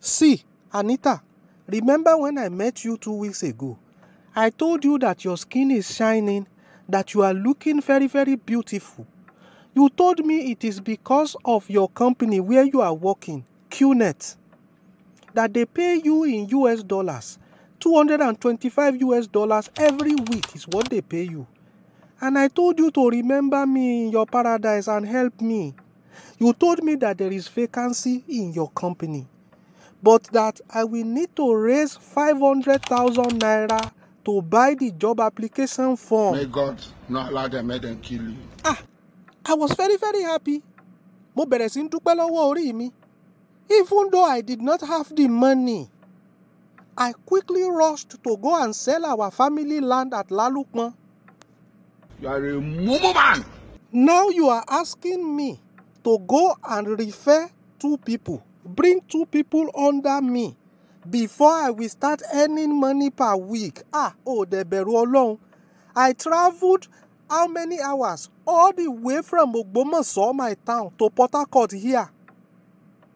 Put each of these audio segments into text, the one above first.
See, Anita, remember when I met you two weeks ago? I told you that your skin is shining, that you are looking very, very beautiful. You told me it is because of your company where you are working, QNet, that they pay you in US dollars. 225 US dollars every week is what they pay you. And I told you to remember me in your paradise and help me. You told me that there is vacancy in your company. but that I will need to raise 500,000 naira to buy the job application form. May God not allow them, let them kill you. Ah, I was very very happy. Mo bẹ̀rẹ̀ sí ń dúpẹ́ lọ́wọ́ orí mi. Even though I did not have the money, I quickly rushed to go and sell our family land at Lalupon. You are a mumu man. Now you are asking me to go and refer two people bring two people under me before I will start earning money per week. Ah, oh, the bẹ̀rù Ọlọ́run. I travelled how many hours? All the way from Ogbomoso, my town, to Port Harcourt here.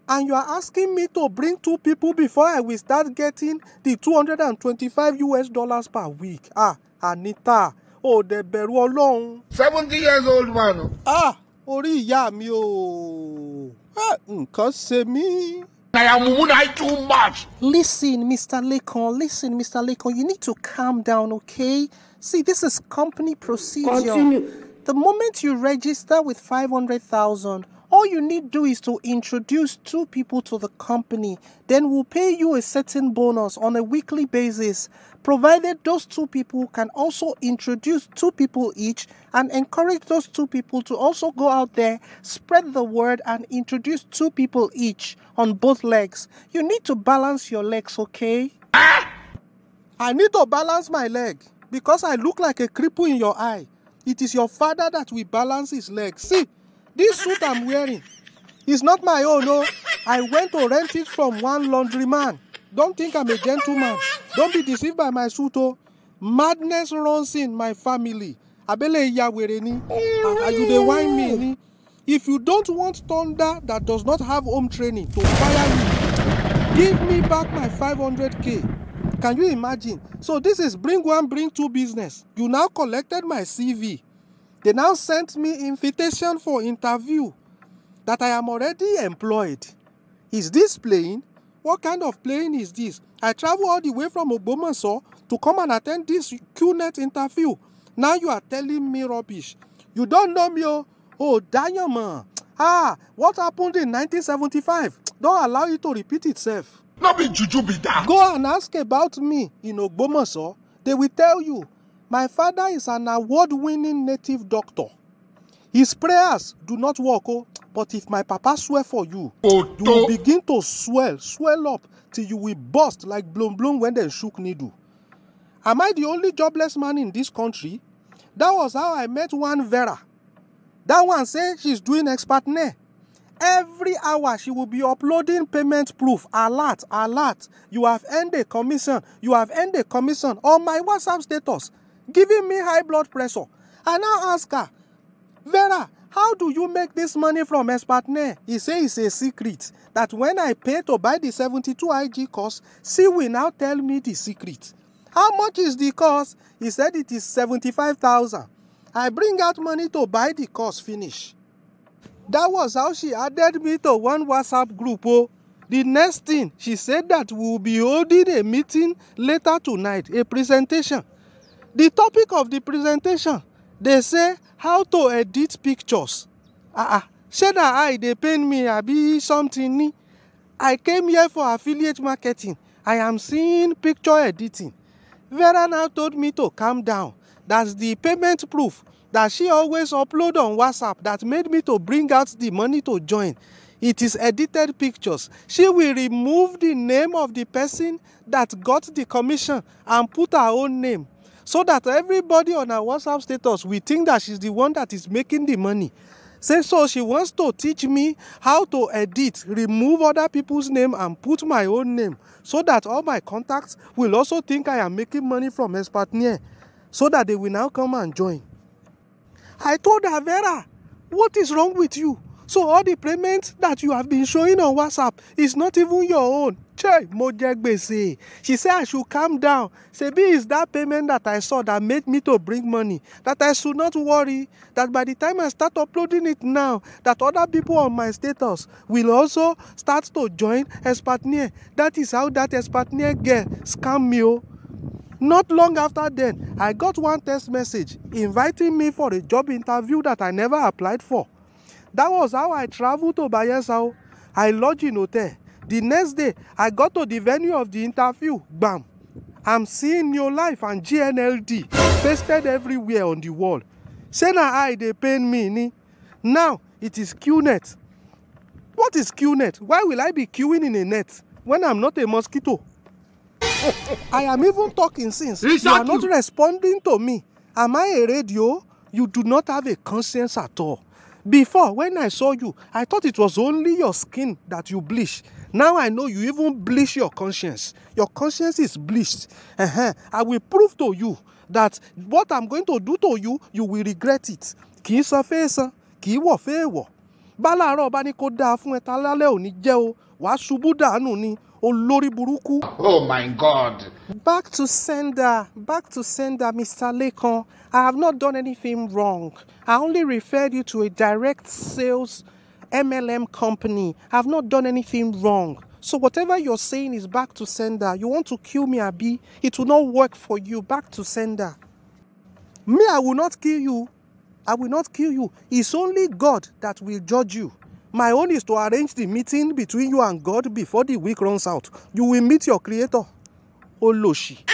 And you are asking me to bring two people before I will start getting the two hundred and twenty-five US dollars per week. Ah, Anita, oh, the bẹ̀rù Ọlọ́run. Seventy years old man. Ah, orí ìyá mi o. Oh. Ah, I am Munai too much. Listen, Mr. Lekon, listen, Mr. Lekon, you need to calm down, okay? See, this is company procedure. Continue. The moment you register with 500,000, all you need do is to introduce two people to the company. Then we'll pay you a certain bonus on a weekly basis, provided those two people can also introduce two people each and encourage those two people to also go out there, spread the word, and introduce two people each on both legs. You need to balance your legs, okay? Ah! I need to balance my leg because I look like a cripple in your eye. It is your father that will balance his legs. See, this suit I'm wearing is not my own, no. Oh. I went to rent it from one laundryman. Don't think I'm a gentleman. Don't be deceived by my suit, oh. Madness runs in my family. Abele iya were ni. Ah, you the whine me If you don't want thunder that does not have home training to fire you, give me back my 500k Can you imagine? So this is bring one, bring two business. You now collected my CV. They now sent me invitation for interview that I am already employed. Is this playing? What kind of playing is this? I travel all the way from Ogbomoso to come and attend this QNET interview. Now you are telling me rubbish. You don't know me, oh, oh damn, Ah, what happened in 1975? Don't allow it to repeat itself no be juju be that. go and ask about me in ogbomoso they will tell you my father is an award-winning native doctor his prayers do not work o oh. but if my papa swear for you Oto. you will begin to swell swell up till you will burst like blon blon when dem shook needle am i the only jobless man in this country that was how i met one vera that one say she's doing expat nair Every hour she will be uploading payment proof. Alert, alert. You have earned a commission. You have earned a commission on my WhatsApp status, giving me high blood pressure. I now ask her, Vera, how do you make this money from partner? He says it's a secret that when I pay to buy the 72 IG course, she will now tell me the secret. How much is the course? He said it is 75,000. I bring out money to buy the course finish. That was how she added me to one WhatsApp group. Oh. The next thing, she said that we will be holding a meeting later tonight, a presentation. The topic of the presentation, they say how to edit pictures. Ah, ah. Ṣé na eye dey pain me abi something I came here for affiliate marketing. I am seeing picture editing. Vera now told me to calm down. That's the payment proof that she always upload on WhatsApp that made me to bring out the money to join. It is edited pictures. She will remove the name of the person that got the commission and put her own name so that everybody on her WhatsApp status will think that she's the one that is making the money. Say so she wants to teach me how to edit, remove other people's name and put my own name so that all my contacts will also think I am making money from partner, so that they will now come and join. I told her, Vera, what is wrong with you? So all the payments that you have been showing on WhatsApp is not even your own. Che, mo jẹ She said I should calm down. Sebi is that payment that I saw that made me to bring money. That I should not worry. That by the time I start uploading it now, that other people on my status will also start to join Espatnier. That is how that Espatnier girl scam me oh. Not long after then, I got one text message inviting me for a job interview that I never applied for. That was how I traveled to Bayelsa. Oh. I lodged in hotel. The next day, I got to the venue of the interview. Bam! I'm seeing New Life and GNLD pasted everywhere on the wall. Say I they dey pain me ni. Now it is QNet. What is QNet? Why will I be queuing in a net when I'm not a mosquito? I am even talking since. Exactly. You are not responding to me. Am I a radio? You do not have a conscience at all. Before, when I saw you, I thought it was only your skin that you bleach. Now I know you even bleach your conscience. Your conscience is bleached. Uh-huh. I will prove to you that what I'm going to do to you, you will regret it. Kì í san fẹ́ san, kì í wọ̀ fẹ́ wọ̀. Bá láàárọ̀ bá ní kó dáa fún ẹ lálẹ́ òní jẹ́ o, wàá ṣubú dànù ni. olórí burúkú. oh my god. back to sender back to sender mr lekan i have not done anything wrong i only referred you to a direct sales mlm company i have not done anything wrong. So whatever you're saying is back to sender. You want to kill me, Abi? It will not work for you. Back to sender. Me, I will not kill you. I will not kill you. It's only God that will judge you. My own is to arrange the meeting between you and God before the week runs out. You will meet your creator. Oloshi.